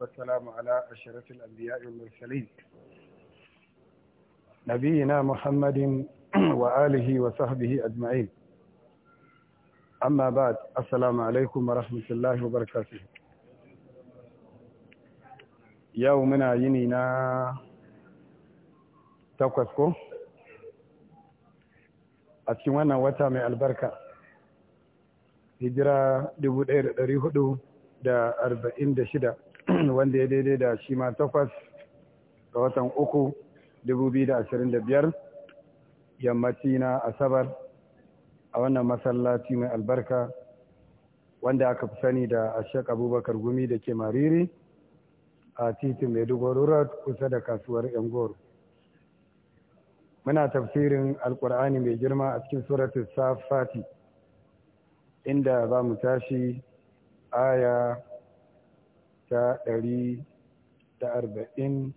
والسلام على أشرف الأنبياء والمرسلين نبينا محمد وآله وصحبه أجمعين أما بعد السلام عليكم ورحمة الله وبركاته يومنا ينينا تقفكم a cikin wannan wata mai albarka hijira 1446 wanda ya daidai da shi ma takwas ga watan uku da biyar, yammaci na asabar a wannan masallaci mai albarka wanda aka fi sani da ashek abubakar gumi da ke mariri a titin maiduguri road kusa da kasuwar yangoro muna tafsirin alkur'ani mai girma a cikin suratun safati inda za mu tashi aya Da ɗari da arba'in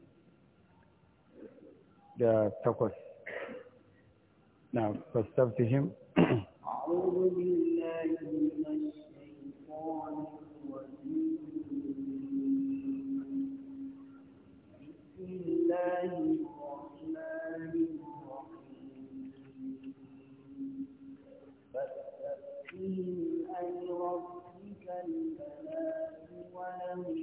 da takwas na fastafta him ربك البلاء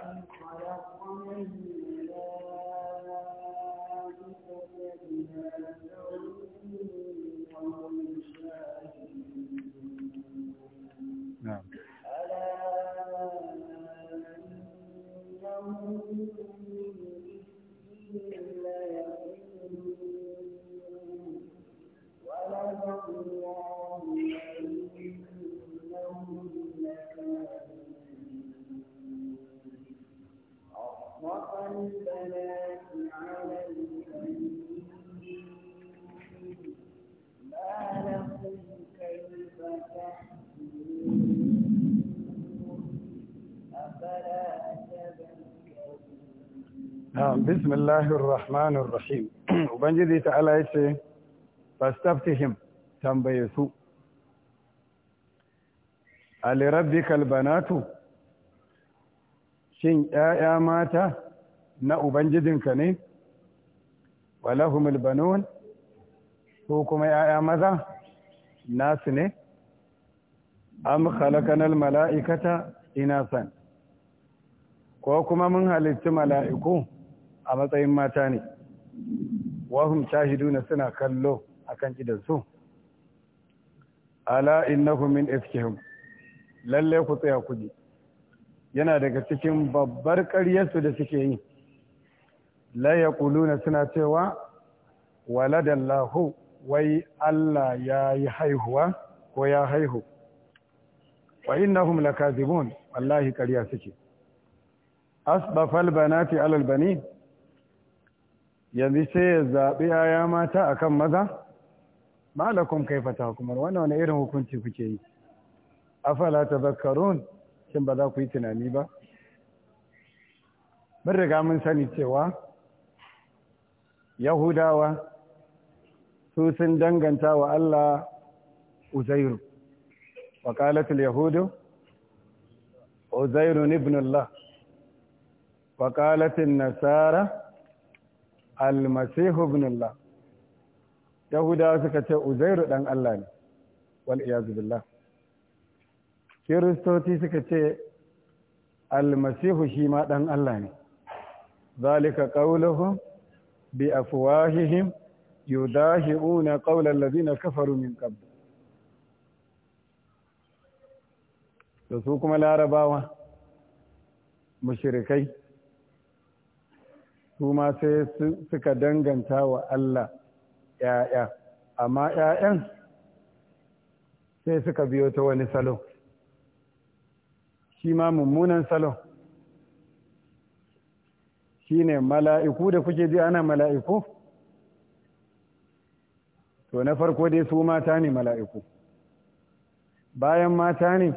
bismillahir rahmanir rahim ubangiji ta'ala yace fastaftihim tambaye su alirabbikal banatu shin ƴaƴa mata na ubangijinka ne walahumul banun ko kuma ƴaƴa maza nasu ne am khalaqanal mala'ikata inasan ko kuma mun halitti mala'iku a matsayin mata ne wahum na suna kallo akan kan idansu ala innahu min ifkihim lalle ku tsaya ku yana daga cikin babbar ƙaryarsu da suke yi la na suna cewa lahu wai Allah ya yi haihuwa ko ya haihu wa innahum lakazibun wallahi ƙarya suke asbafal banati alal banin yanzu sai ya zaɓi yaya mata a kan maza malakun kai fata hukumar wannan wani irin hukunci kuke yi afala ta zakarun shin ba za ku yi tunani ba mun riga mun sani cewa yahudawa su sun danganta wa allah uzairu وقالت yahudu uzairu ابن Wa وقالت Nasara? almasihu ibnullah yahudawa suka ce uzairu dan Allah ne wal iyazu billah kiristoci suka ce almasihu shi ma dan Allah ne zalika qauluhum bi afwahihim yudahi'una qawla na kafaru min qabl da su kuma larabawa mashirikai su ma sai suka danganta wa Allah ‘ya'ya amma ‘ya'yan sai suka biyo ta wani salo shi ma mummunan salo shi ne mala'iku da kuke ji ana mala'iku to na farko dai su mata ne mala'iku bayan mata ne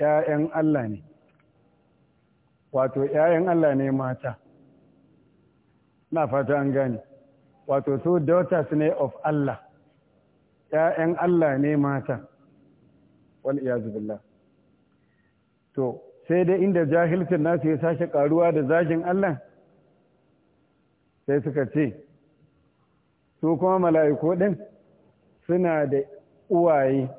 ‘ya'yan Allah ne wato ‘ya'yan Allah ne mata na fata an gane wato su daughters ne of Allah ‘ya'yan Allah ne mata wal iyazu to sai dai inda jahilcin nasu ya sashe karuwa da zagin Allah sai suka ce su kuma mala'iku ɗin suna da uwaye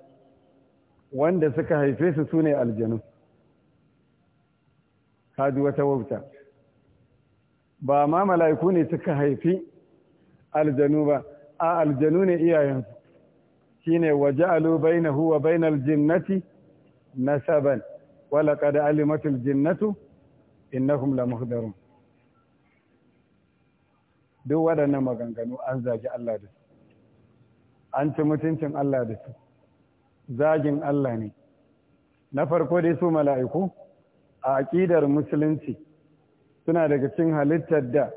wanda suka haife su su ne aljanu kaji wata wauta ba ma mala'iku ne suka haifi aljanu ba a aljanu ne iyayensu shine waja'alu bainahu wa bainal jinnati saban wa da alimatul jinnatu innahum lamuhdarun duk waɗannan maganganu an zagi Allah da su an ci mutuncin Allah da su zagin Allah ne na farko dai su mala'iku a aƙidar musulunci suna daga cikin halittar da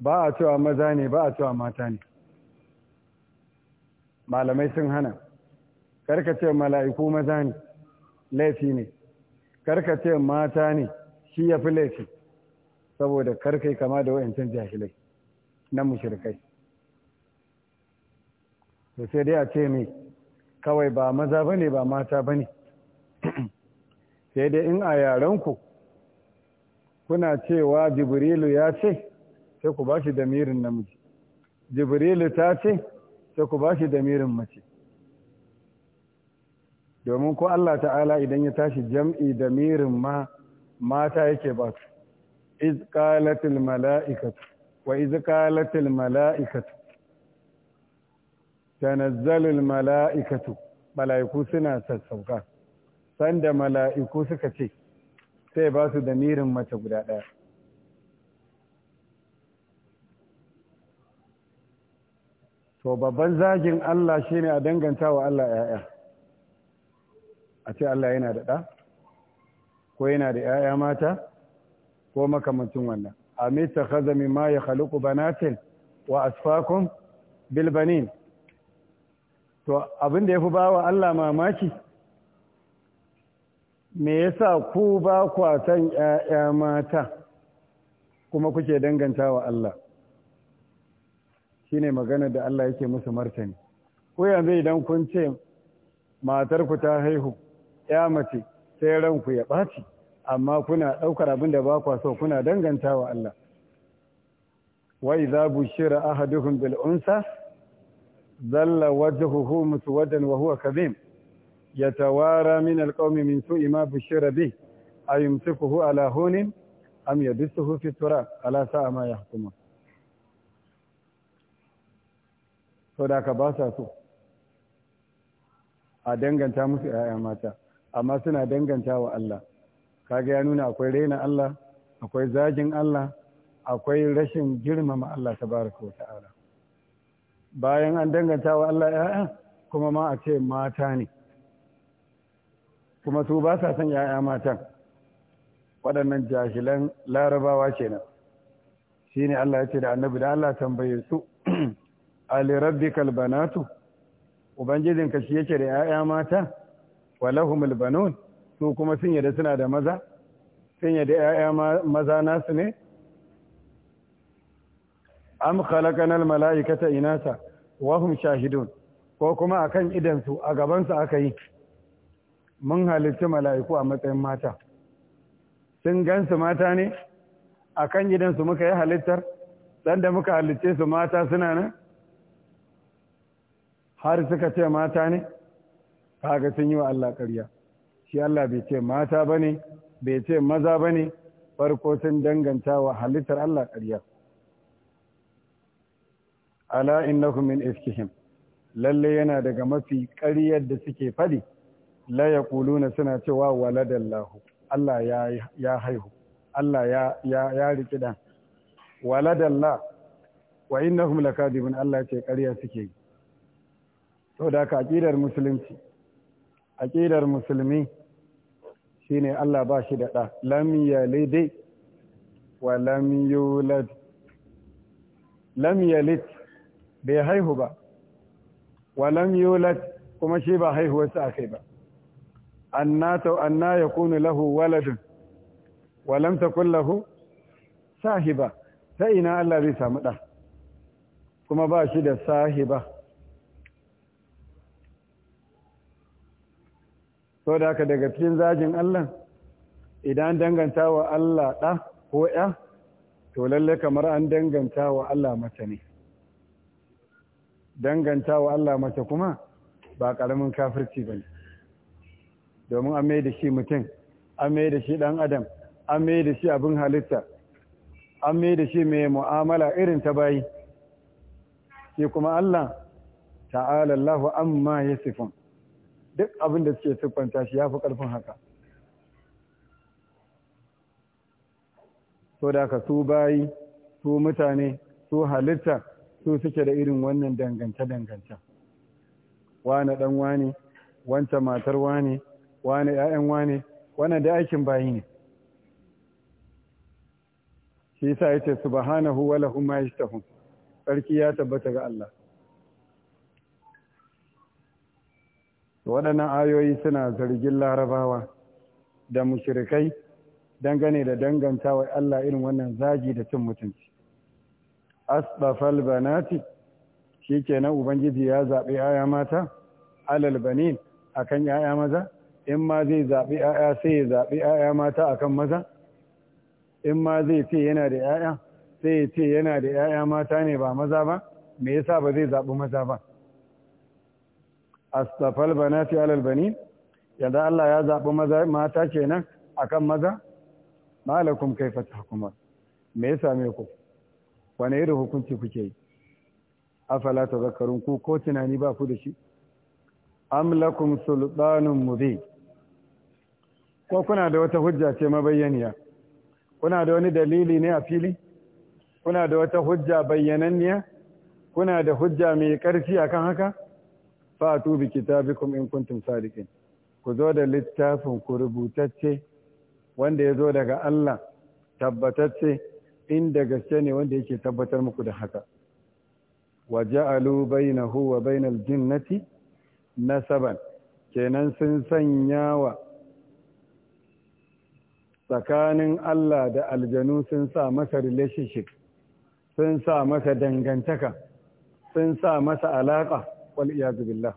ba a cewa maza ne ba a cewa mata ne malamai sun hana karka ce mala'iku maza ne laifi ne karka ce mata ne shi ya fi laifi saboda karkai kama da wa'ancan jahilai na mushirkai to sai dai a ce mai kawai ba maza ba ne ba mata ba ne sai dai in a yarenku kuna cewa jibrilu ya ce sai ku ba shi damirin namiji jibrilu ta ce sai ku ba shi damirin mace domin ko Allah ta'ala idan ya tashi jam'i damirin ma mata yake ba su iz qalatil mala'ikatu wa iz qalatil mala'ikatu tanazzalul mala'ikatu mala'iku suna sassauka sanda mala'iku suka ce sai ba su mirin mace guda ɗaya to babban zagin Allah shine a danganta wa Allah ‘ya'ya a ce Allah yana da ɗa ko yana da ‘ya'ya mata ko makamancin wannan a mita khazami ma ya haluku banatin wa asfakun bilbanin to abin da ya fi ba wa Allah mamaki me yasa ku ba kwa san ‘ya'ya mata kuma kuke danganta wa Allah shine magana da Allah yake musu martani ko yanzu idan kun ce matarku ta haihu ‘ya mace sai ranku ya ɓaci amma kuna ɗaukar abin da ba kwa so kuna danganta wa Allah wai za shira ahaduhum bil unsa zalla wajhuhu muswaddan wa huwa kadhim يتوارى من القوم من سوء ما بشر به أيمسكه على هون أم يدسه في التراب ألا kuma. ما da saudaka ba sa so a danganta musu ‘ya'ya mata amma suna danganta wa Allah kaga ya nuna akwai raina Allah akwai zagin Allah akwai rashin girmama Allah ta baraka wa ta'ala bayan an danganta wa Allah ‘ya'ya kuma ma a ce mata ne kuma su ba sa son ya'ya matan waɗannan jahilan larabawa kenan ne Allah ya ce da annabi da Allah tambaye su ali rabbikal banatu ubangijinka shi yake da ya'ya mata walahumul banun su kuma sun yadda suna da maza sun yadda ya'ya maza nasu ne am khalaqanal mala'ikata inasa wa hum shahidun ko kuma akan idan su a gaban su aka yi mun halicci mala'iku a matsayin mata sun gansu mata ne a kan gidansu muka yi halittar sanda muka halicce su mata suna nan har suka ce mata ne kaga sun yi wa Allah ƙarya shi Allah bai ce mata ba ne bai ce maza ba ne farko sun danganta wa halittar Allah ƙarya ala innakum min iskihim lalle yana daga mafi ƙaryar da suke faɗi la kuluna suna cewa waladallahu Allah ya ya haihu Allah ya ya ya riki dan waladallah wa innahum lakadibun Allah ce ƙarya suke yi da ka aqidar musulunci aqidar musulmi shine Allah ba shi da ɗa lam yalid wa lam yulad lam yalid bai haihu ba wa lam yulad kuma shi ba haihuwarsa akai ba annata anna yakunu lahu waladun wa lam lahu sahiba ta ina Allah zai samu ɗa kuma ba shi da sahiba so da haka daga cikin zajin Allah idan danganta wa Allah ɗa ko ya to lalle kamar an danganta wa Allah mace ne danganta wa Allah mace kuma ba ƙaramin kafirci ba ne domin an mai da shi mutum an mai da shi ɗan adam an mai da shi abin halitta an mai da shi mai mu'amala irin ta bayi shi kuma Allah ta'ala Allah amma ya duk abin da suke siffanta shi ya fi ƙarfin haka so da su bayi su mutane su halitta su suke da irin wannan dangance-dangance wane ɗan wane wancan matar wane wane ‘ya'yan wane wannan da aikin bayi ne shi sa ya ce subhanahu wa lahum ma yastahun sarki ya tabbata ga Allah waɗannan ayoyi suna zargin larabawa da mushrikai dangane da danganta wa Allah irin wannan zagi da cin mutunci asbafal banati shikenan ubangiji ya zaɓi 'ya'ya mata alal banin akan 'ya'ya maza in ma zai zaɓi 'ya'ya sai ya zaɓi 'ya'ya mata akan maza in ma zai ce yana da 'ya'ya sai ya ce yana da 'ya'ya mata ne ba maza ba me yasa ba zai zaɓi maza ba astafal banati alal banin yanzu Allah ya zaɓi maza mata kenan akan maza malakum fata kuma me ya same ku wane irin hukunci kuke yi Afalata, Zakarun, ku ko tunani ba ku da shi am lakum sultanun mubin ko kuna da wata hujja ce mabayyaniya kuna da wani dalili ne a fili kuna da wata hujja bayyananniya kuna da hujja mai ƙarfi akan haka fatu bi kitabikum in kuntum sadiqin ku zo da littafin ku rubutacce wanda ya zo daga Allah tabbatacce inda gaske ne wanda yake tabbatar muku da haka wa ja'alu bainahu wa bainal jinnati nasaban kenan sun sanya wa tsakanin Allah da aljanu sun sa masa relationship sun sa masa dangantaka sun sa masa alaƙa wal iyazu billah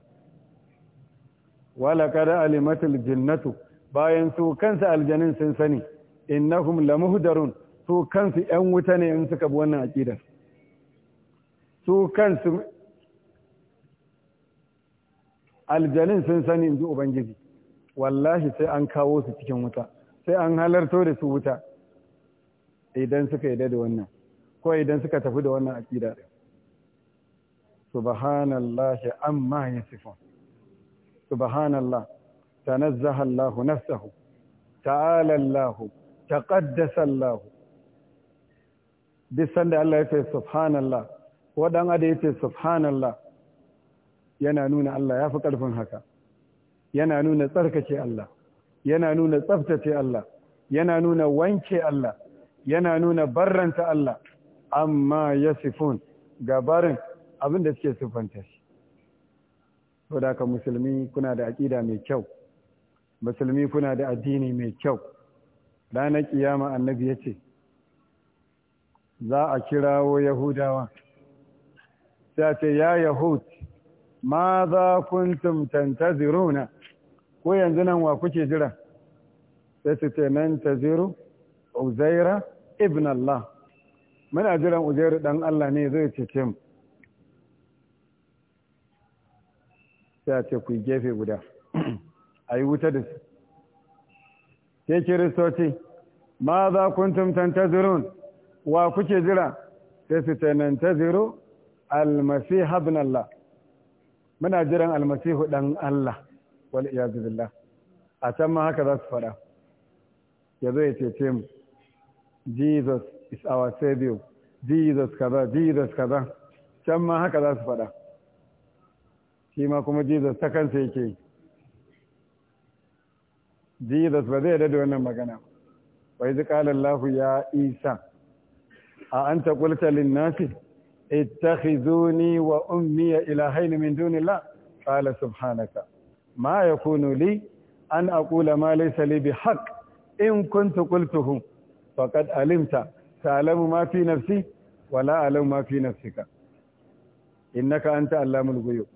wala kada alimatul jinnatu bayan su kansu aljanin sun sani innahum lamuhdarun su kansu yan wuta ne in suka bi wannan aqidar su kansu aljanin sun sani in ji ubangiji wallahi sai an kawo su cikin wuta sai an halarto da su wuta idan suka yi da wannan ko idan suka tafi da wannan aƙida ɗin subhanallahi amma yasifun subhanallah tanazzaha Allah nafsahu ta'ala Allah taqaddasa Allah duk sanda Allah ya ce subhanallah ko ada ya ce subhanallah yana nuna Allah ya fi ƙarfin haka yana nuna tsarkake Allah yana nuna tsaftace Allah yana nuna wanke Allah yana nuna barranta Allah amma ya sifun gabarin abinda suke sifanta shi saboda musulmi kuna da aƙida mai kyau musulmi kuna da addini mai kyau ranar kiyama annabi ya ce za a kirawo yahudawa sai ce ya yahud ma za kuntum runa ko yanzu nan wa kuke jira sai su ce nan ta ziru uzaira ibn Allah muna jiran uzairu dan Allah ne zai cece mu sai a ce ku gefe guda a yi wuta da su ke kiristoci ma za kuntum tantazirun wa kuke jira sai su ce nan ta ziru almasi ibn Allah muna jiran almasihu dan Allah wal iyazu billah a can ma haka za su faɗa ya zo ya cece mu jesus is our savior jesus kaza jesus kaza can ma haka za su faɗa shi ma kuma jesus ta kansa yake jesus ba zai da wannan magana wa yi lahu ya isa a an ta kulta linnasi ittakhizuni wa ummiya ilahaini min dunillah qala subhanaka ma yakunu li an aqula ma laysa li bihaq in kuntu qultuhu faqad alimta ta'lamu ma fi nafsi wa la a'lamu ma fi nafsika innaka anta allamul ghuyub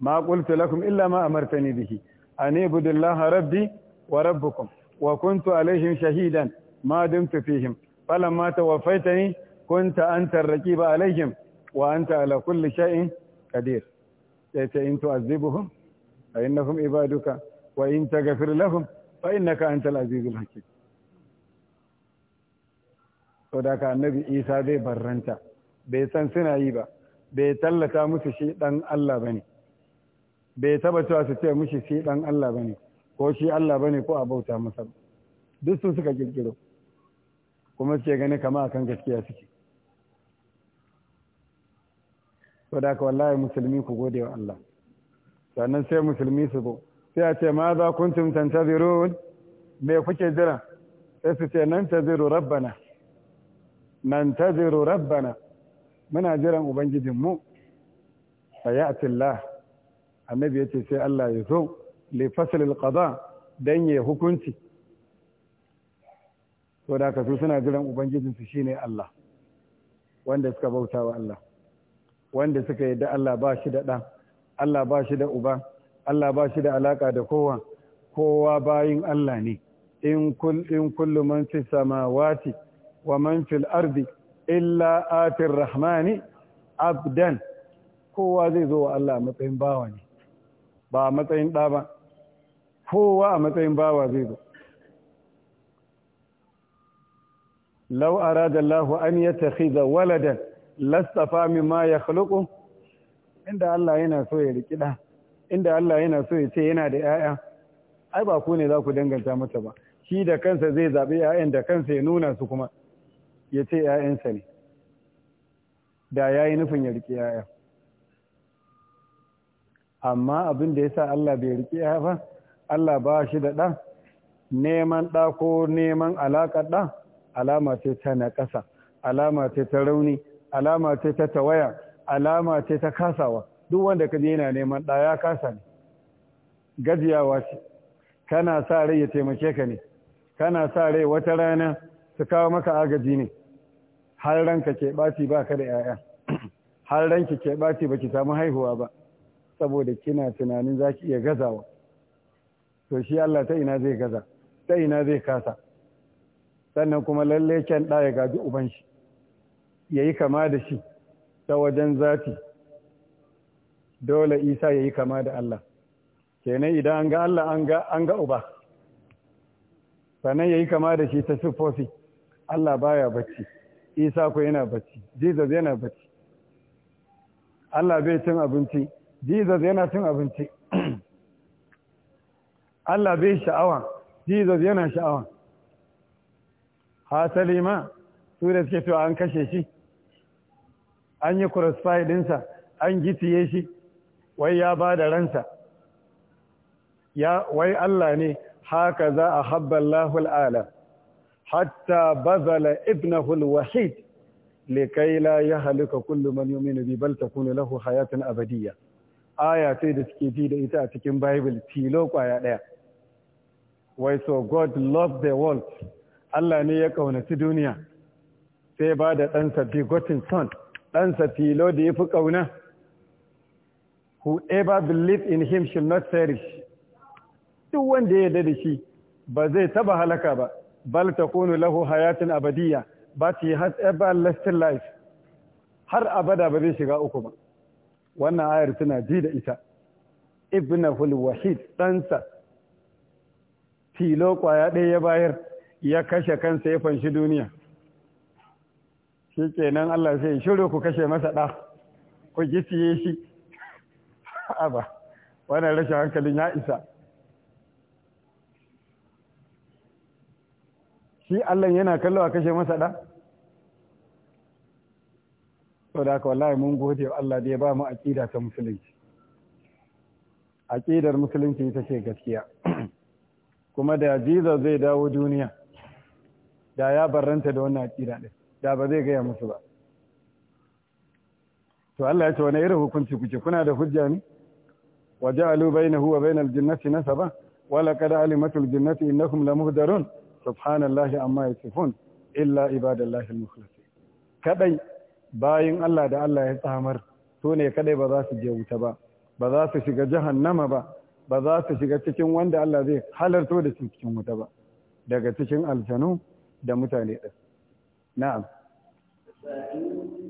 ma qultu lakum illa ma amartani bihi an ibudu allaha rabbi wa rabbukum wa kuntu alaihim shahidan ma dumtu fihim falamma tawaffaitani kunta anta ar-raqiba alaihim wa anta ala kulli shay'in qadir sai ta in fa innahum ibaduka wa in taghfir lahum fa innaka antal azizul hakim to da ka annabi Isa zai barranta bai san suna yi ba bai tallata musu shi dan Allah bane bai taba cewa su ce musu shi dan Allah bane ko shi Allah bane ko a bauta masa duk su suka kirkiro kuma suke gani kama akan gaskiya suke saboda ka wallahi musulmi ku gode wa Allah sannan sai musulmi su zo sai a ce ma za kuntum tantazirun me kuke jira sai su ce nan taziru rabbana nan taziru rabbana muna jiran ubangijinmu a ya'ti Allah annabi ce sai Allah ya zo li fasl qada dan ya hukunci to da ka su suna jiran ubangijinsu shine Allah wanda suka bauta wa Allah wanda suka yi da Allah ba shi da ɗan Allah ba shi da uba Allah ba shi da alaka da kowa kowa bayin Allah ne in kul kullu man fi samawati wa man fil ardi illa atir rahmani abdan kowa zai zo wa Allah matsayin bawa ne ba matsayin ɗa ba kowa a matsayin bawa zai zo lau arada Allah an khiza waladan lastafa mimma yakhluqu inda Allah yana so ya riki ɗa inda Allah yana so ya ce yana da yaya ai ba ku ne za ku danganta mata ba shi da kansa zai zaɓi yayan da kansa ya nuna su kuma ya ce ƴaƴansa ne da ya yi nufin ya riki yaya amma abin da ya sa Allah bai riki ƴaƴa ba Allah ba shi da ɗa neman ɗa ko neman alaƙar ɗa alama ce ta naƙasa alama ce ta rauni alama ce ta tawaya alama ce ta kasawa duk wanda ka je yana neman ɗa ya kasa ne gajiyawa ce kana sa rai ya taimake ka ne kana sa rai wata rana su kawo maka agaji ne har ranka ke ɓaci ba ka da 'ya'ya har ranki ke ɓaci ba ki samu haihuwa ba saboda kina tunanin za ki iya gazawa to shi Allah ta ina zai gaza ta ina zai kasa sannan kuma lalle kyan ɗaya ya gaji uban shi ya yi kama da shi ta wajen zafi dole isa ya yi kama da Allah kenan idan an ga Allah an ga uba sannan ya yi kama da shi ta sufofi Allah baya bacci isa ko yana bacci jesus yana bacci Allah bai cin abinci jesus yana cin abinci Allah bai sha'awa jesus yana sha'awa hasali ma su da suke to an kashe shi an yi crossfire ɗinsa an gitiye shi wai ya ba da ransa ya wai Allah ne haka za a habballahu ala hatta bazala ibnahu wahid likai la halika kullum man yu'minu bi bal takunu lahu hayatun abadiyya aya sai da suke ji da ita a cikin bible tilo kwaya daya wai so god love the world Allah ne ya kaunaci duniya sai ba da ɗansa begotten son ɗansa filo da ya fi ƙauna whoever believe in him shall not perish duk wanda ya yarda da shi ba zai taba halaka ba bal takunu lahu hayatin abadiyya but he has lasting life har abada ba zai shiga uku ba wannan ayar tana ji da ita ibn wahid ɗansa filo kwaya ɗaya ya bayar ya kashe kansa ya fanshi duniya shi kenan Allah sai shiru ku kashe masa ɗa ku giciye shi ba wannan rashin hankalin ya isa shi Allah yana kallo a kashe masa ɗa to da haka wallahi mun gode wa Allah da ya ba mu aƙida ta musulunci aƙidar musulunci ita ce gaskiya kuma da jiza zai dawo duniya da ya barranta da wannan aƙida ɗin da ba zai gaya musu ba to Allah ya ce wani irin hukunci kuke kuna da hujja ne wa ja'alu bainahu wa bainal jinnati nasaba wa laqad alimatul jannati innakum lamuhdarun subhanallahi amma yasifun illa ibadallahi al-mukhlasin kadai bayin Allah da Allah ya tsamar to ne kadai ba za su je wuta ba ba za su shiga jahannama ba ba za su shiga cikin wanda Allah zai halarto da su cikin wuta ba daga cikin aljanu da mutane ɗin na'am فإن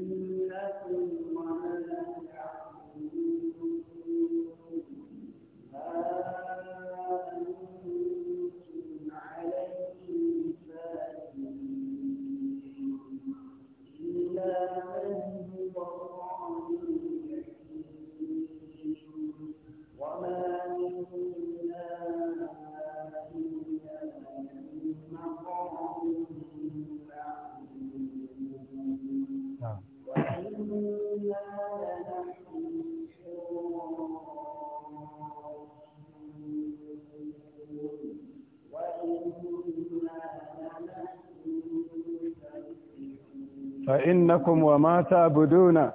fa innakum wa ma ta'buduna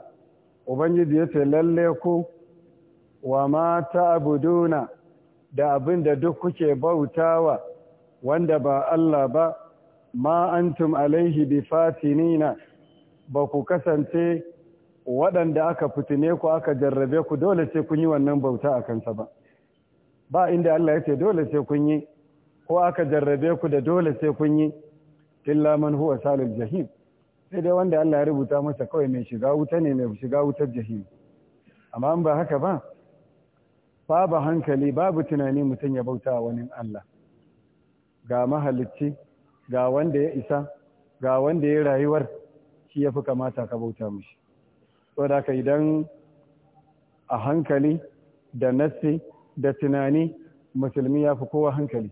ubangiji yace lalle ku wa ma ta'buduna da abinda duk kuke bautawa wanda ba Allah ba ma antum alaihi bifatinina ba ku kasance waɗanda aka fitine ku aka jarrabe ku dole sai kun yi wannan bauta a kansa ba ba inda Allah yace dole sai kun yi ko aka jarrabe ku da dole sai kun yi illa man huwa salil jahim sai dai wanda Allah ya rubuta masa kawai mai shiga wuta ne mai shiga wutar jahim amma in ba haka ba babu hankali babu tunani mutum ya bauta wani Allah ga mahalicci ga wanda ya isa ga wanda ya rayuwar shi ya fi kamata ka bauta mishi da ka idan a hankali da nassi da tunani musulmi ya fi kowa hankali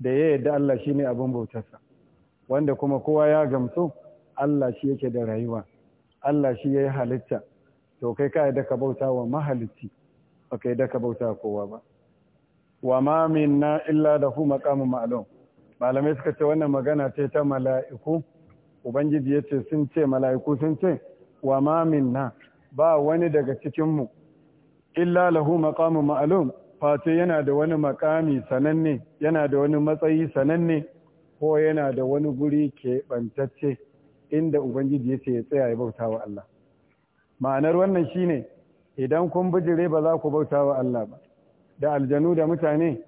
da ya yadda Allah shi ne abin bautarsa wanda kuma kowa ya gamsu Allah shi yake da rayuwa Allah shi ya yi halitta to kai ka da ka bauta wa mahalitti ba kai da ka bauta kowa ba wa ma minna illa da hu ma'lum malamai suka ce wannan magana ce ta mala'iku ubangiji ya ce sun ce mala'iku sun ce wa ma minna ba wani daga cikinmu illa lahu maqamun ma'lum fate yana da wani makami sananne yana da wani matsayi sananne ko yana da wani guri keɓantacce inda ubangiji yace ya tsaya ya bauta wa Allah ma'anar wannan shi ne idan kun bijire ba za ku bauta wa Allah ba da aljanu da mutane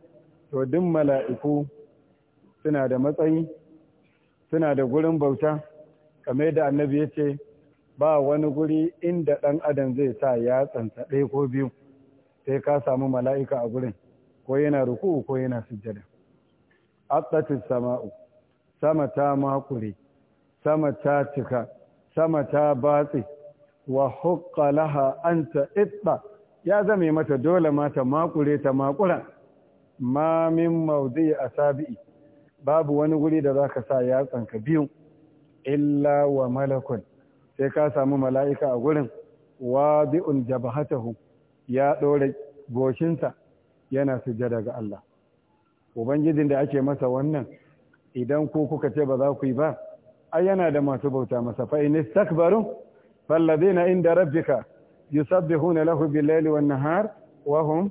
to duk mala'iku suna da matsayi suna da gurin bauta kamar da annabi ya ce ba wani guri inda ɗan adam zai sa ya tsansa ɗaya ko biyu sai ka samu mala'ika a gurin ko yana ruku ko yana sujjada Atsatis sama'u sama ta makure sama ta cika sama ta batse wa hukka laha anta itba ya zame mata dole ma ta makure ta makura Mamin min mawdi asabi babu wani wuri da za ka sa tsanka biyu illa wa malakun sai ka samu mala'ika a gurin wadi'un jabahatahu ya ɗora goshinsa yana sujada ga Allah ubangijin da ake masa wannan idan ko kuka ce ba za ku yi ba ai yana da masu bauta masa fa in istakbaru ladina inda rabbika yusabbihuna lahu bil-laili wan-nahar wa hum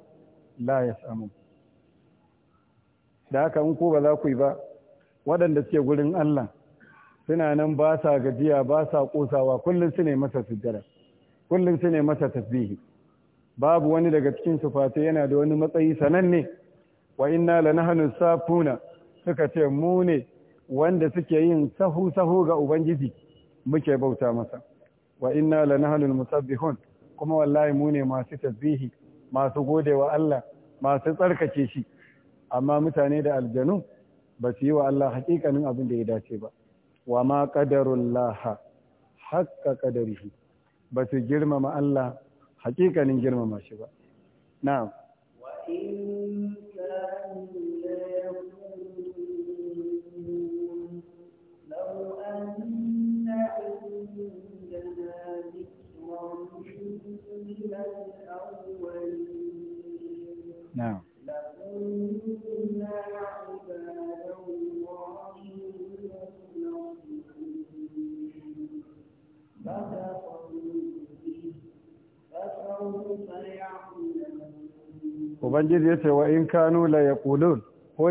la yas'amun da haka in ku ba za ku yi ba waɗanda suke gurin Allah suna nan ba sa gajiya ba sa kosawa kullum su ne masa sujjada kullum su ne masa tasbihi babu wani daga cikin sufate yana da wani matsayi sananne wa inna lanahnu safuna suka ce mu ne wanda suke yin sahu sahu ga ubangiji muke bauta masa wa inna lanahlul musabbihun kuma wallahi mu ne masu tasbihi masu godewa Allah masu tsarkake shi amma mutane da aljanu ba su yi wa Allah hakikanin abin da ya dace ba wa ma qadarullah haqqa qadarihi ba su girmama Allah hakikanin girmama shi ba na'am wa in Ubangiji ya ce wa in kanu la ya ko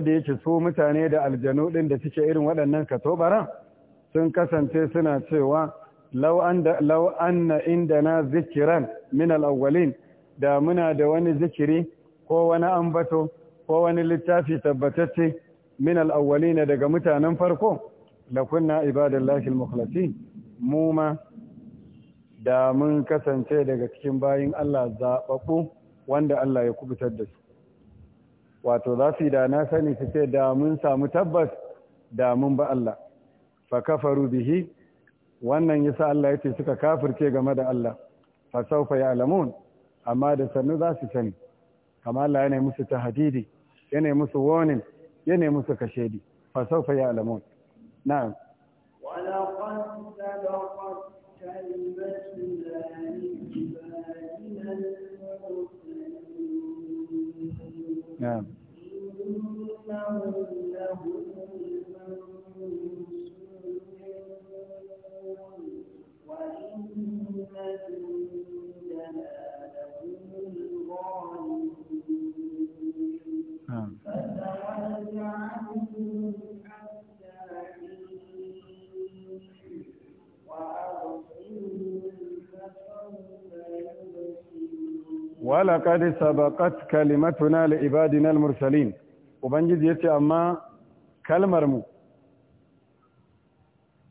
da yake su mutane da aljanu ɗin da suke irin waɗannan katobaran sun kasance suna cewa law anna indana zikiran min al da muna da wani zikiri ko wani ambato ko wani littafi tabbatacce min awali na daga mutanen farko la kunna ibadallahi al-mukhlasin mu ma da mun kasance daga cikin bayin Allah zababbu wanda Allah ya kubutar da su wato za su yi da na sani su ce da mun samu tabbas da mun ba Allah fa kafaru bihi wannan yasa Allah yace suka kafirce game da Allah fa ya ya'lamun amma da sannu za su sani kamar Allah yana musu tahdidi yana musu warning yana musu kashedi fa sawfa ya'lamun na'am ولقد سبقت كلمتنا لعبادنا walaƙad sabaqat kalimatuna li ibadina al-mursalin ubangiji yace amma kalmar mu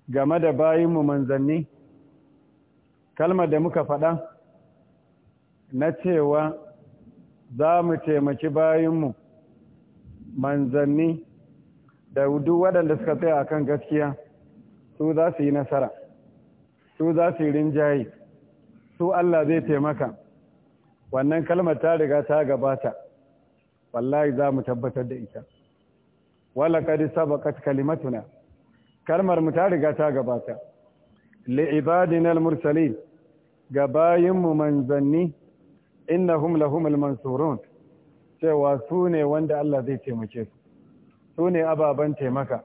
game da bayin mu manzanni kalmar da muka faɗa na cewa za mu taimaki bayinmu manzanni da duk waɗanda suka tsaya kan gaskiya su za su yi nasara su za su yi rinjaye su Allah zai taimaka wannan kalmar ta riga ta gabata wallahi za mu tabbatar da ita wala sabakat sabaqat kalimatuna kalmar mu ta riga ta gabata li ibadina al-mursalin ga bayin mu manzanni innahum al mansurun cewa su ne wanda Allah zai taimake su su ne ababen taimaka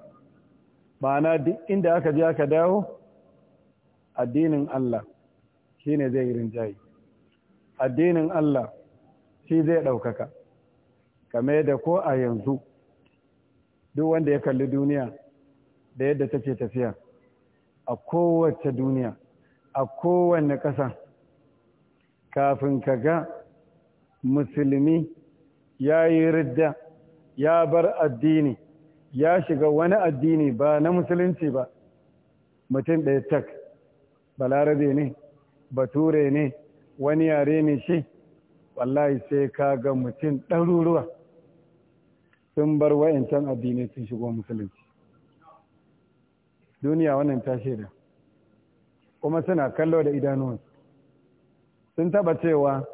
ma'ana duk inda aka je aka dawo addinin Allah shine zai yi rinjaye addinin Allah shi zai ɗaukaka kame da ko a yanzu duk wanda ya kalli duniya da yadda take tafiya a kowace duniya a kowane ƙasa kafin ka ga musulmi ya yi ridda ya bar addini ya shiga wani addini ba na musulunci ba mutum ɗaya tak balarabe ne bature ne wani yare ne shi wallahi sai ka ga mutum ɗaruruwa sun bar wa'ancan addinai sun shigo musulunci duniya wannan ta shaida kuma suna kallo da idanuwan. sun taba cewa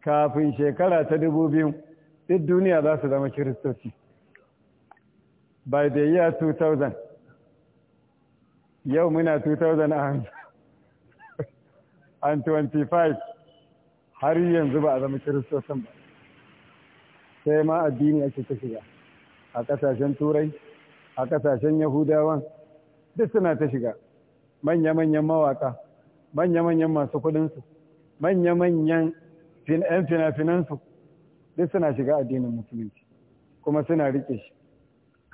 kafin shekara ta dubu biyu duk duniya za su zama kiristoci by the year 2000 yau muna 2000 a hannu. and 25 har yanzu ba a zama kiristocin ba sai ma addini ake ta shiga a ƙasashen turai a ƙasashen yahudawan duk suna ta shiga manya-manyan mawaƙa manya-manyan masu kudinsu manya-manyan 'yan fina-finansu duk suna shiga addinin musulunci kuma suna riƙe shi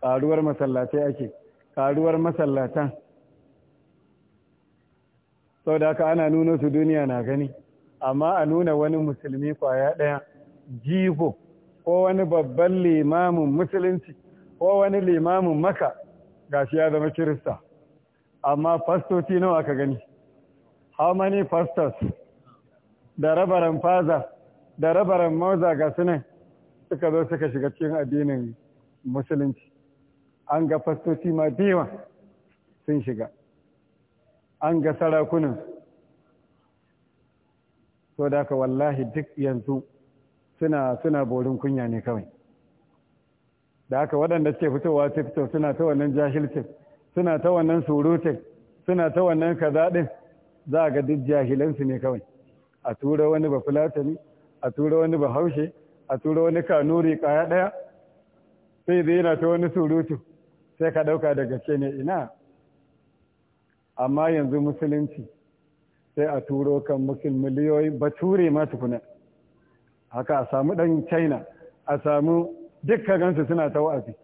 ƙaruwar masallatai ake ƙaruwar masallatan sau da haka ana nuna su duniya na gani amma a nuna wani musulmi kwaya ɗaya jigo ko wani babban limamin musulunci ko wani limamin maka gashi ya zama kirista amma fastoci nawa ka gani how many pastors da rabaran faza da rabaran mauza ga suna suka zo suka shiga cikin addinin musulunci an ga fastoci ma biwa sun shiga an ga sarakunan so da ka wallahi duk yanzu suna suna borin kunya ne kawai da haka waɗanda suke fitowa tiktok suna ta wannan jahilcin suna ta wannan surutin suna ta wannan kaza ɗin za ga duk jahilansu ne kawai a tura wani ba fulatani a tura wani ba haushe a tura wani kanuri kaya ɗaya sai zai yana ta wani surutu sai ka ɗauka daga ce ne ina amma yanzu musulunci sai a turo kan miliyoyi bature ma tukuna haka a samu dan china a samu dukkan gansu suna ta wa'azi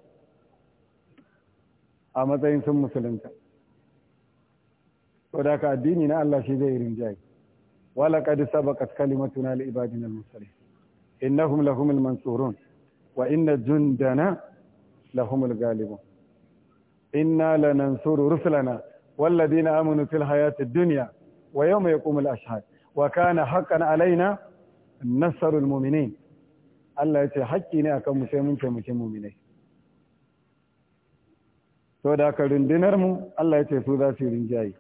a matsayin sun musulunta to da ka addini na Allah shi zai rinjaye wala qad sabaqat kalimatuna li ibadina al-mursalin innahum al mansurun wa inna jundana al ghalibun inna lanansuru rusulana والذين آمنوا في الحياة الدنيا ويوم يقوم الأشهاد وكان حقا علينا نصر المؤمنين Allah ya ce hakki ne akan mu sai mun taimaki muminai to da rundunar mu Allah ya ce su za su rinjaye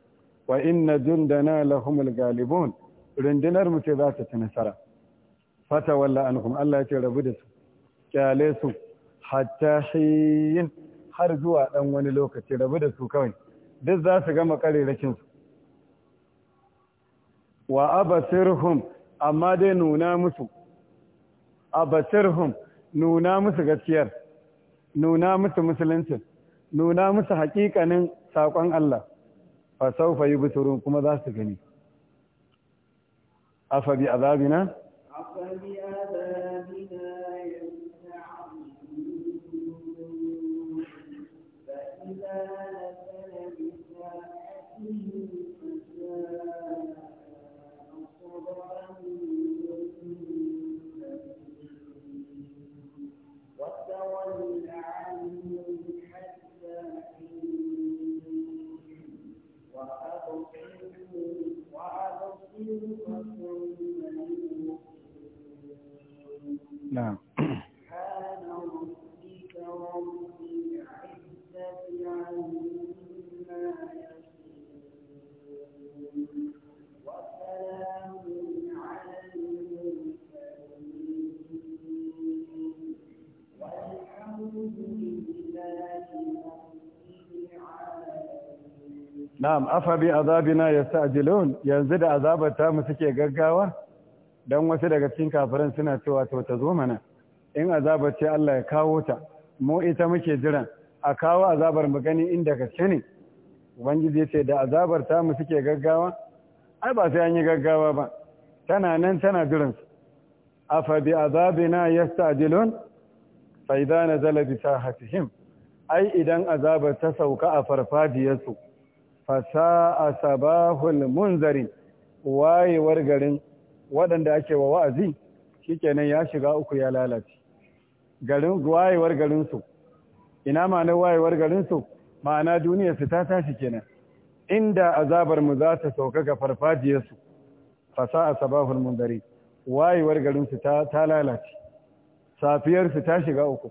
wa inna jundana lahumul galibun rundunar mu ce za ta ci nasara fata walla anhum Allah ya ce rabu da su kyale su hatta har zuwa dan wani lokaci rabu da su kawai duk za su gama ƙarerakinsu wa abasirhum amma dai nuna musu abasirhum nuna musu gaskiyar nuna musu musulunci nuna musu haƙiƙanin saƙon Allah fa saufa yi buturun kuma za su gani afabi bi azabina afa azabina Na'am, afa bi azabina yasta'jilun yanzu da azabar ta mu suke gaggawa? don wasu daga cikin kafiran suna cewa to ta zo mana in azabar ce Allah ya kawo ta mu ita muke jiran a kawo azabar mu gani inda gaske ne ubangiji ya ce da azabar ta mu suke gaggawa ai ba sai an yi gaggawa ba tana nan tana jiran su afa bi azabina yastajilun fa idza nazala bi sahatihim ai idan azabar ta sauka a farfajiyarsu fasa a sabahul munzari wayewar garin waɗanda ake wa wa'azi shikenan ya shiga uku ya lalace garin wayewar garinsu ina ma'anar wayewar garinsu ma'ana su ta tashi kenan inda azabar mu za ta sauka ga farfajiyarsu fasa a sabahul mundari wayewar garinsu ta lalace safiyarsu ta shiga uku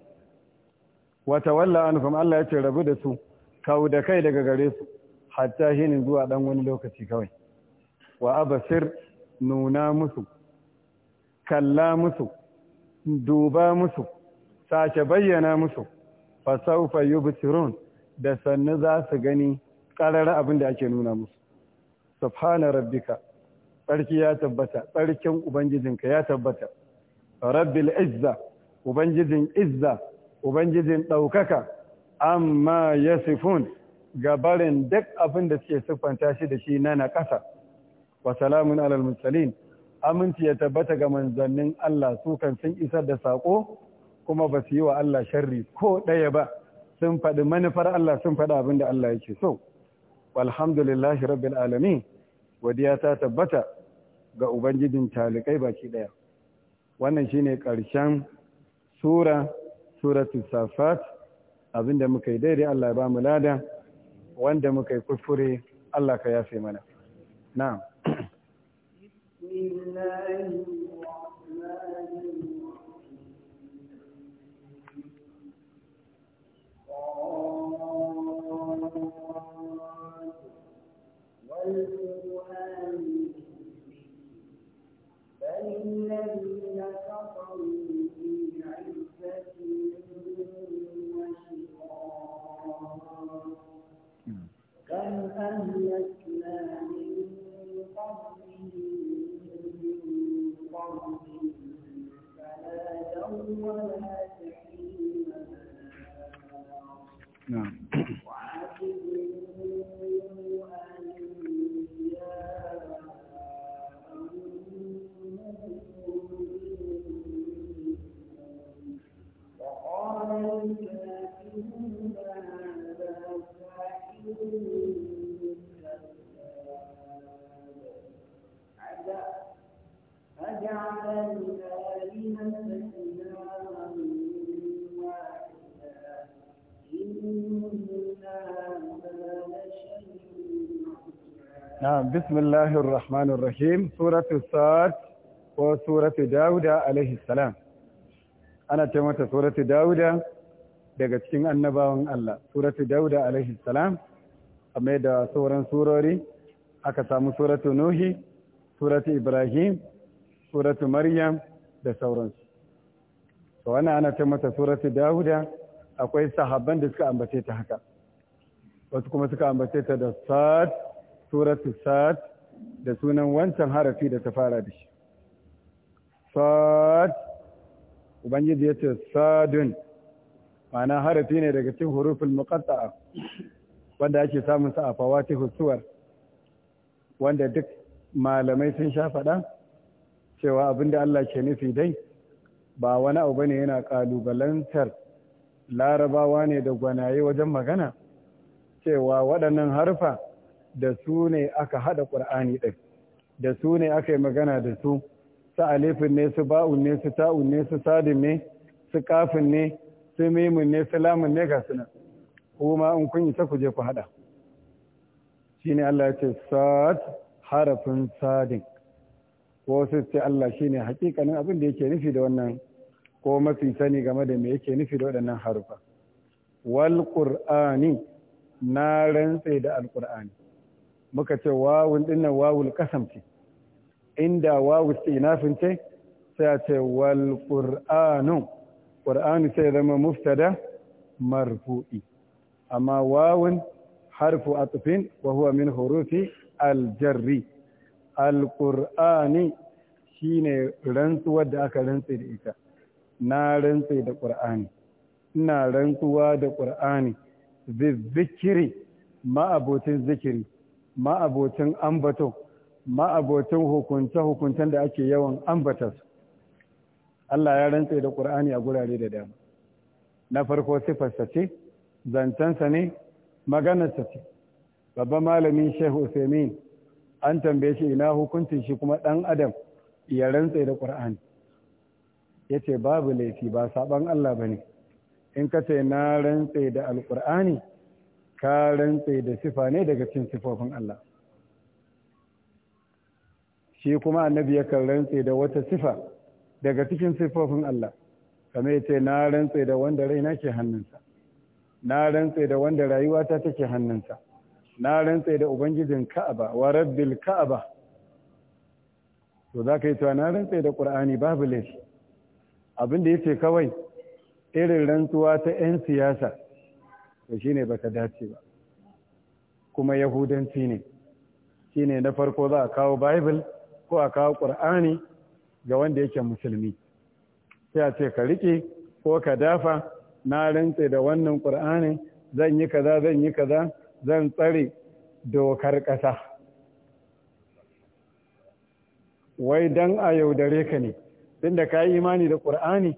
wata walla ankum Allah ya ce rabu da su kawo da kai daga gare su hatta hinin zuwa dan wani lokaci kawai wa abasir nuna musu kalla musu duba musu sace bayyana musu fasaufa yubsirun da sannu za su gani ƙarar abin da ake nuna musu subhana rabbika tsarki ya tabbata tsarkin ubangijinka ya tabbata rabbil izza ubangijin izza ubangijin ɗaukaka amma yasifun gabarin duk abin da suke siffanta shi da shi na na ƙasa wa salamun alal mursalin aminci ya tabbata ga manzannin Allah su kan sun isar da sako kuma ba su yi wa Allah sharri ko ɗaya ba sun faɗi manufar Allah sun faɗi abin da Allah yake so walhamdulillahi rabbil alamin wadiya ta tabbata ga ubangijin talikai baki ɗaya wannan shine ƙarshen sura suratu safat abinda muka yi daidai Allah ya ba mu lada wanda muka yi kuskure Allah ka yafe mana na'am الله الرحمن الرحيم والقرآن بل الذين كفروا في عزة وشقاق كم أهلك na'am rahmanir rahim suratu الرحيم ko suratu dauda alaihi salam ana ce mata suratu dauda daga cikin annabawan Allah suratu Dauda alaihi salam da sauran surori aka samu suratu Nuhi suratu Ibrahim suratu Maryam da sauransu to wannan ana ce mata suratu Dauda akwai sahabban da suka ambace ta haka wasu kuma suka ambace ta da Sad suratu sad da sunan wancan harafi da ta fara da shi Sa'ad, ubangiji ya ce sadin ma'ana harafi ne daga cin hurufin muqatta'a wanda ake samun sa a fawati wanda duk malamai sun sha faɗa cewa abinda Allah ke nufi dai ba wani abu bane yana kalubalantar larabawa ne da gwanaye wajen magana cewa waɗannan harfa da su ne aka haɗa ƙur'ani ɗin da su ne aka yi magana da su su alifin ne su ba'un ne su ta'un ne su sadin ne su kafin ne su mimun ne su lamun ne ga suna kuma in kun yi ta ku ku haɗa shi ne Allah ya ce sad harafin sadin ko su ce Allah shi ne hakikanin abin da yake nufi da wannan ko mafi sani game da me yake nufi da waɗannan harufa wal qur'ani na rantse da alqur'ani muka ce wawul din wawul kasam ce inda wawul tinafin ce sai a ce wal qur'anu qur'anu sai zama muftada marfu'i amma wawun harfu atfin wa huwa min hurufi al jarri al qur'ani shine rantsuwar da aka rantse da ita na rantse da qur'ani ina rantsuwa da qur'ani bi zikiri ma abotin zikiri ma'abocin ambaton ma'abocin hukunce-hukuncen da ake yawan ambatas Allah ya rantse da ƙur'ani a gurare da dama na farko sifarsa ce zancensa ne maganarsa ce babban malamin shehu usaimin an tambaye shi ina hukuncin shi kuma ɗan adam ya rantse da ƙur'ani ya ce babu laifi ba saɓan Allah ba ne in ka ce na rantse da alƙur'ani ka rantse da sifa ne daga cikin sifofin Allah shi kuma annabi yakan rantse da wata sifa daga cikin sifofin Allah kame ce na rantse da wanda raina ke hannunsa na rantse da wanda rayuwata take hannunsa na rantse da ubangijin ka'aba wa rabbil ka'aba to za ka yi cewa na rantse da ƙur'ani babu laifi abin da ya ce kawai irin rantsuwa ta 'yan siyasa to ne bata dace ba kuma yahudanci ne shi ne na farko za a kawo bible ko a kawo ƙur'ani ga wanda yake musulmi sai a ce ka riƙe ko ka dafa na rantse da wannan kur'ani zan yi kaza zan yi kaza zan tsare dokar ƙasa wai dan a yaudare ka ne tunda ka yi imani da ƙur'ani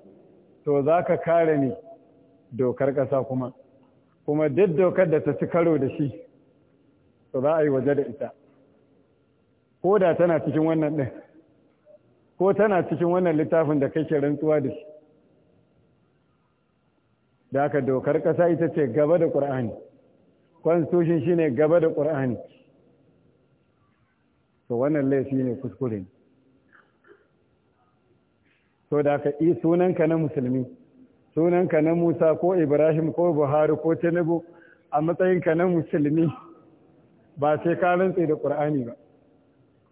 to za ka kare ni dokar ƙasa kuma kuma duk dokar da ta ci karo da shi to za a yi waje da ita ko da tana cikin wannan ɗin ko tana cikin wannan littafin da kake rantsuwa da shi da aka dokar ƙasa ita ce gaba da ƙur'ani constitution ne gaba da ƙur'ani to wannan laifi ne kuskure ne to da aka yi sunanka na musulmi sunanka na Musa ko Ibrahim ko Buhari ko Tinubu a matsayinka na musulmi ba sai ka rantse da Qur'ani ba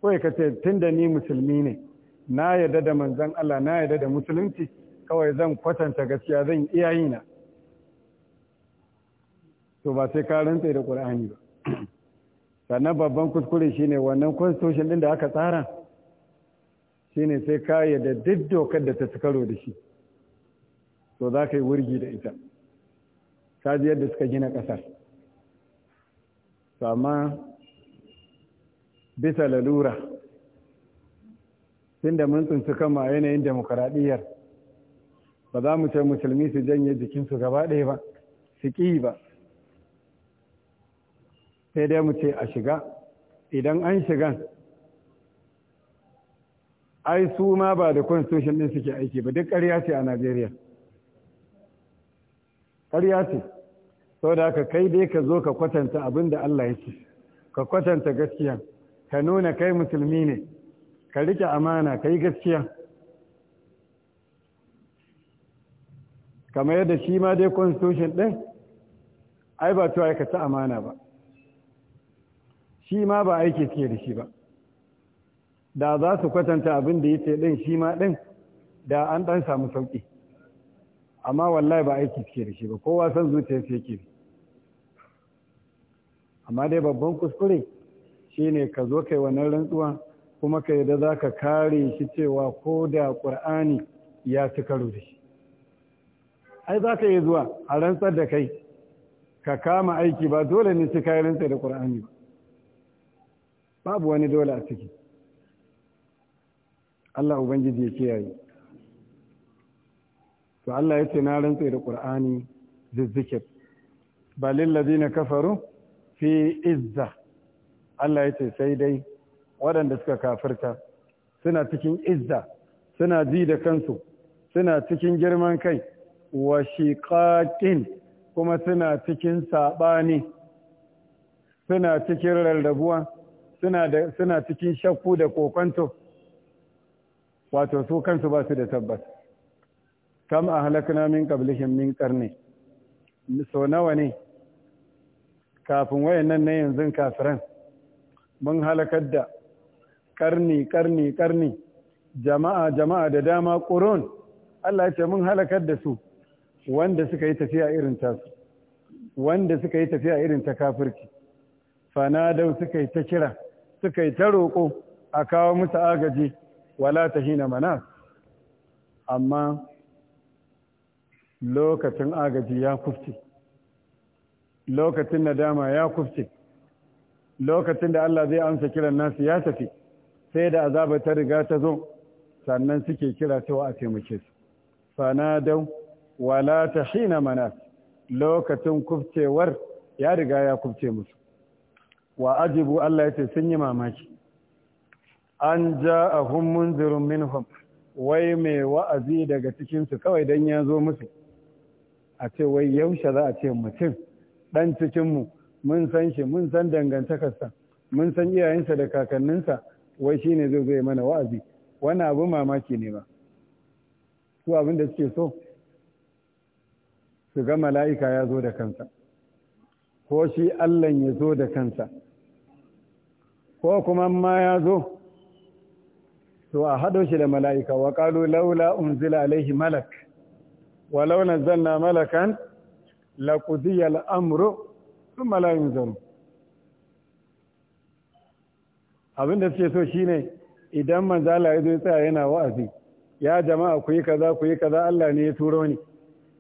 kawai ka ce tunda ni musulmi ne na yarda da manzon Allah na yarda da musulunci kawai zan kwatanta gaskiya zan iya yi na to ba sai ka rantse da Qur'ani ba sannan babban kuskure shine wannan constitution din da aka tsara shine sai ka yarda duk dokar da ta ci karo da shi to za ka yi wurgi da ita ka yadda suka gina ƙasar amma bisa lalura da mun tsinci kama yanayin demokaradiyyar ba za mu ce musulmi su janye jikinsu gaba ɗaya ba su ƙi ba sai dai mu ce a shiga idan an shigan ai su ma ba da constitution ɗin suke aiki ba duk ƙarya ce a najeriya ƙarya ce saboda haka kai dai ka zo ka kwatanta abin da Allah ya ce ka kwatanta gaskiya ka nuna kai musulmi ne ka rike amana ka yi gaskiya kamar yadda shi ma dai constitution ɗin ai ba cewa aikata amana ba shi ma ba aiki suke da shi ba da za su kwatanta abin da ya ce ɗin shi ma ɗin da an ɗan samu sauƙi amma wallahi ba aiki suke da shi ba kowa san zuciyarsa yake amma dai babban kuskure shine ka zo kai wannan rantsuwa kuma ka yadda za ka kare shi cewa ko da ƙur'ani ya ci karo da shi ai za ka yi zuwa a rantsar da kai ka kama aiki ba dole ne ci kayi rantsar da ƙur'ani ba babu wani dole a ciki Allah Ubangiji ya kiyaye. to Allah ya ce na rantse da Qur'ani zikir balil ladina kafaru fi izza Allah ya ce sai dai waɗanda suka kafirta suna cikin izza suna ji da kansu suna cikin girman kai wa shiqaqin kuma suna cikin saɓani suna cikin rarrabuwa suna cikin shakku da kokonto wato su kansu ba su da tabbas kam a halakuna min qablihim min karni so nawa ne kafin nan na yanzu kafiran mun halakar da karni karni karni jama'a jama'a da dama qurun Allah ce mun halakar da su wanda suka yi tafiya irin tasu wanda suka yi tafiya irin ta fana fanadau suka yi ta kira suka yi ta roƙo a kawo musu agaji wala ta hina mana amma lokacin agaji ya kufce lokacin nadama ya kufce lokacin da Allah zai amsa kiran nasu ya tafi sai da azaba ta riga ta zo sannan suke kira cewa a taimake su fanadau wala ta hina mana lokacin kufcewar ya riga ya kufce musu wa ajibu Allah ya ce sun yi mamaki an ja'ahum munzirun minhum wai mai wa'azi daga cikinsu kawai dan ya zo musu a ce wai yaushe za a ce mutum ɗan cikinmu mun san shi mun san dangantakarsa mun san iyayensa da kakanninsa wai shi ne zai zai mana wa'azi wani abu mamaki ne ba su abin da suke so su ga mala'ika ya zo da kansa ko shi allan ya zo da kansa ko kuma ma ya zo to a haɗo shi da mala'ika wa ƙalu laula unzila alaihi malak walau nazzalna malakan laqudiya al'amru thumma la yunzaru abin da suke so shine idan manzo Allah ya zo tsaya yana wa'azi ya jama'a ku yi kaza ku yi kaza Allah ne ya turo ni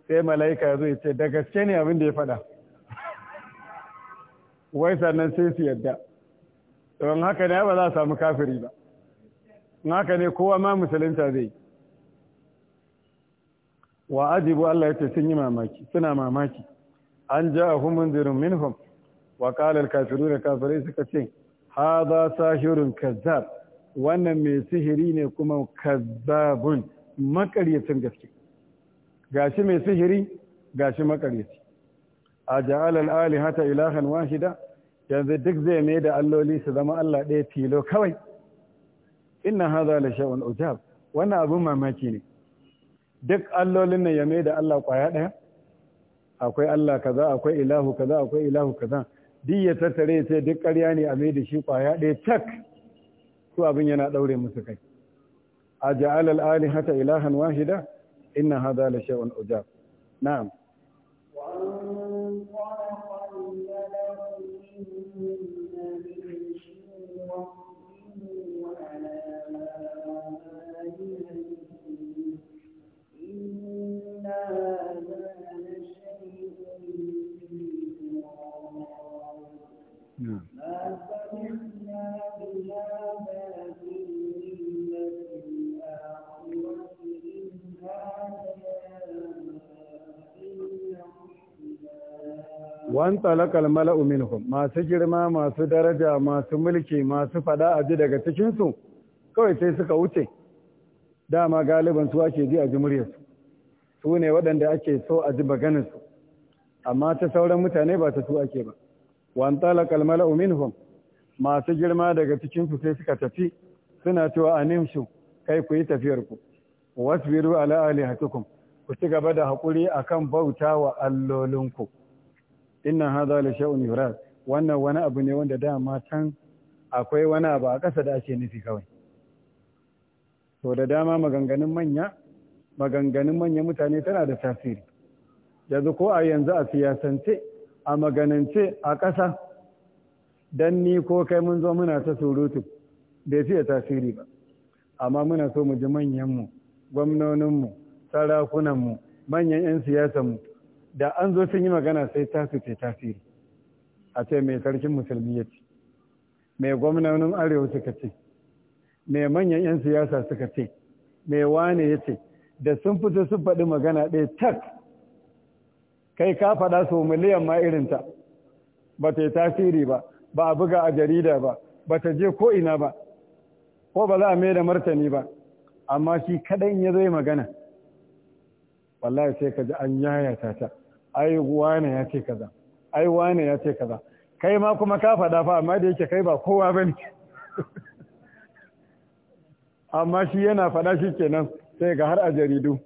sai mala'ika ya zo ya ce da gaske ne abin da ya faɗa wai sannan sai su yadda don haka ne ba za a samu kafiri ba in haka ne kowa ma musulunta zai yi. wa ajibu Allah ya ce sun yi mamaki suna mamaki an ja a humun zirin minhum wa kalar kafiru da kafirai suka ce ha za sahirun kazzab wannan mai sihiri ne kuma kazzabun makaryacin gaske gashi mai sihiri gashi makaryaci a al'ali hata ilahan wahida yanzu duk zai mai da alloli su zama Allah ɗaya tilo kawai inna haza la sha'un ujab wannan abun mamaki ne duk allolin nan ya mai da Allah kwaya ɗaya akwai Allah kaza akwai ilahu kaza akwai ilahu kaza duk ya tattare sai duk ƙarya ne a mai da shi kwaya ɗaya cak. su abin yana ɗaure musu kai a ja'al al'ali hata ilahan wahida inna hada la shay'un ujab na'am wanta lakal mala'u minhum masu girma masu daraja masu mulki masu fada a ji daga cikinsu kawai sai suka wuce dama galiban su ake ji a ji muryarsu su ne waɗanda ake so a ji su amma ta sauran mutane ba ta su ake ba wan talaka almala'u minhum masu girma daga cikin su sai suka tafi suna cewa animshu kai ku yi tafiyar ku wasbiru ala alihatikum ku ci gaba da hakuri akan bauta wa allolinku inna hadha la shay'un yurad wannan wani abu ne wanda dama can akwai wani abu a ƙasa da ake nufi kawai to da dama maganganun manya maganganun manya mutane tana da tasiri yanzu ko a yanzu a siyasance a maganance a ƙasa don ni ko kai mun zo muna ta surutu bai fiye tasiri ba amma muna so mu ji manyanmu gwamnoninmu sarakunanmu manyan 'yan siyasanmu da an zo sun yi magana sai tasu ce tasiri a ce mai sarkin musulmi ya ce mai gwamnonin arewa suka ce mai manyan 'yan siyasa suka ce mai wane ya ce da sun fito sun faɗi magana ɗaya tak kai ka faɗa so miliyan ma irinta ba ta yi tasiri ba ba a buga a jarida ba ba ta je ko ina ba ko ba za a mai da martani ba amma shi kaɗan ya zai magana wallahi sai ka ji an yayata ta ai wane ya ce kaza ai wane ya ce kaza kai ma kuma ka faɗa fa amma da yake kai ba kowa ba ne amma shi yana faɗa shi kenan sai ga har a jaridu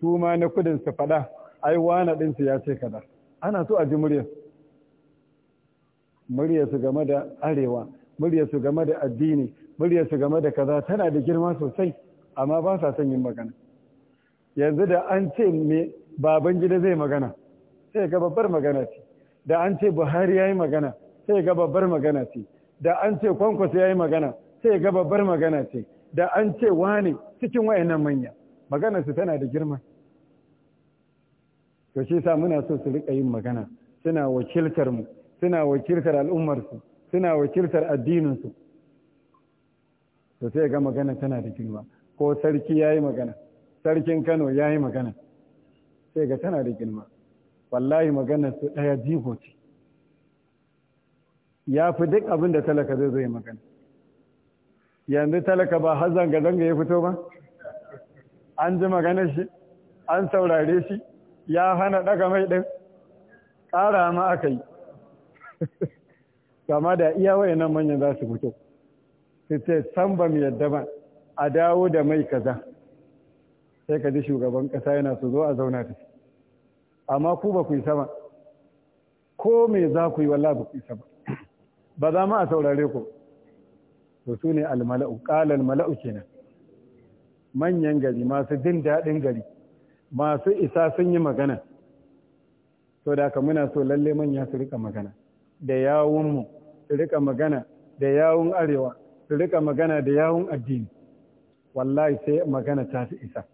su ma na kudin su faɗa ai wana ɗinsu ya ce kaza ana so a ji muryar Murya su game da arewa Murya su game da addini Murya su game da kaza tana da girma sosai amma ba sa son yin magana yanzu da an ce me baban gida zai magana sai ga babbar magana ce da an ce buhari ya yi magana sai ga babbar magana ce da an ce Kwankwas ya yi magana sai ga babbar magana ce da an ce wane cikin wayannan manya magana su tana da girma to shi sa muna so su rika yin magana suna wakiltar mu suna wakiltar al'ummarsu suna wakiltar addininsu to sai ga magana tana da girma ko sarki ya yi magana sarkin kano ya yi magana sai ga tana da girma wallahi magana su ɗaya jiho ce ya fi duk abin da talaka zai zai magana yanzu talaka ba har zanga-zanga ya fito ba an ji magana shi an saurare shi ya hana daga mai ɗin ƙara ma aka yi kama da iya wayannan manyan za su fito su ce san ba mu yadda ba a dawo da mai kaza sai ka ji shugaban ƙasa yana su zo a zauna da amma ku ba ku yi sama ko me za ku yi wallahi ba ku yi sama ba za ma a saurare ku to su ne almala'u ƙalal mala'u kenan manyan gari masu jin daɗin gari masu isa sun yi magana to da ka muna so lalle manya su rika magana da yawun su rika magana da yawun arewa su rika magana da yawun addini wallahi sai magana ta fi isa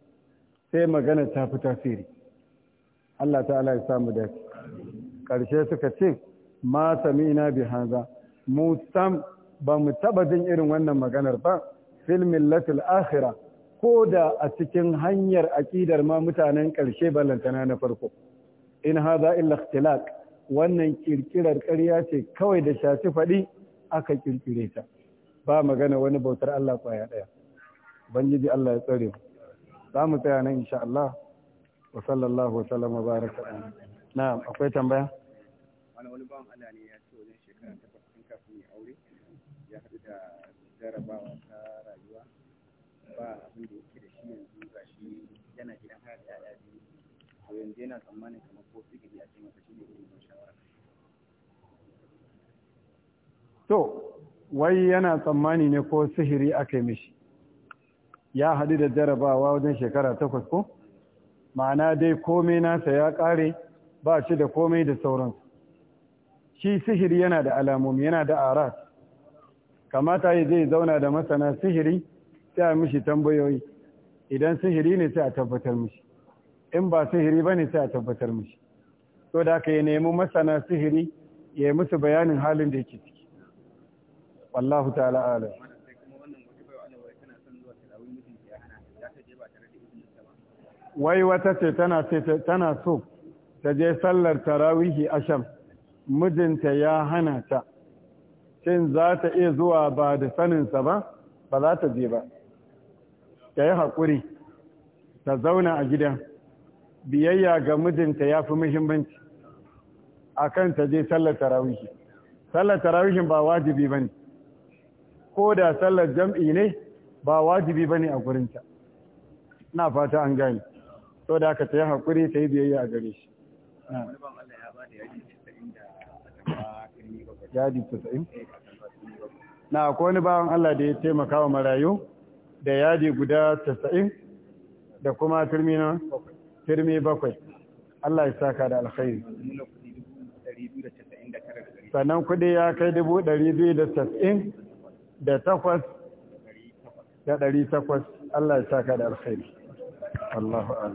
sai magana ta fi tasiri Allah ta'ala ya samu dace karshe suka ce ma sami'na bi haza mu sam ba mu taba jin irin wannan maganar ba fil millatil akhirah ko da a cikin hanyar aƙidar ma mutanen ƙarshe ballantana na farko in haza illa ikhtilaq wannan kirkirar ƙarya ce kawai da shafi faɗi aka kirkire ta ba magana wani bautar Allah kwaya ɗaya ubangiji Allah ya tsare mu za mu tsaya nan insha Allah wa sallallahu wa sallam baraka na'am akwai tambaya wani wani Allah ne ya ce wajen shekara kafin ya aure ya haɗu da jarabawa ba to yanzu yana tsammanin wai yana tsammani ne ko sihiri aka yi mishi ya haɗu da jarabawa wajen shekara takwas ko ma'ana dai komai nasa ya ƙare ba shi da komai da sauransu shi sihiri yana da alamomi yana da arat kamata ya zai zauna da masana sihiri sai a mishi tambayoyi idan sihiri ne sai a tabbatar mishi in ba sihiri ba ne sai a tabbatar mishi to da aka yi nemi masana sihiri ya yi musu bayanin halin da yake ciki wallahu ta'ala ala wai wata ce tana so ta je sallar tarawihi asham mijinta ya hana ta shin za ta iya zuwa ba da saninsa ba ba za ta je ba ta yi haƙuri ta zauna a gidan biyayya ga mijinta ya fi muhimmanci a kan ta je sallar tarawihi sallar tarawihin ba wajibi ba ne ko da sallar jam'i ne ba wajibi ba ne a gurinta na fata an gani so da aka ta yi haƙuri ta yi biyayya a gare shi na akwai wani bawan Allah da ya taimaka wa marayu da yadi guda 90 da kuma turmi na turmi bakwai Allah ya saka da alkhairi sannan kudi ya kai dubu ɗari biyu da tas'in da takwas da ɗari Allah ya saka da alkhairi Allahu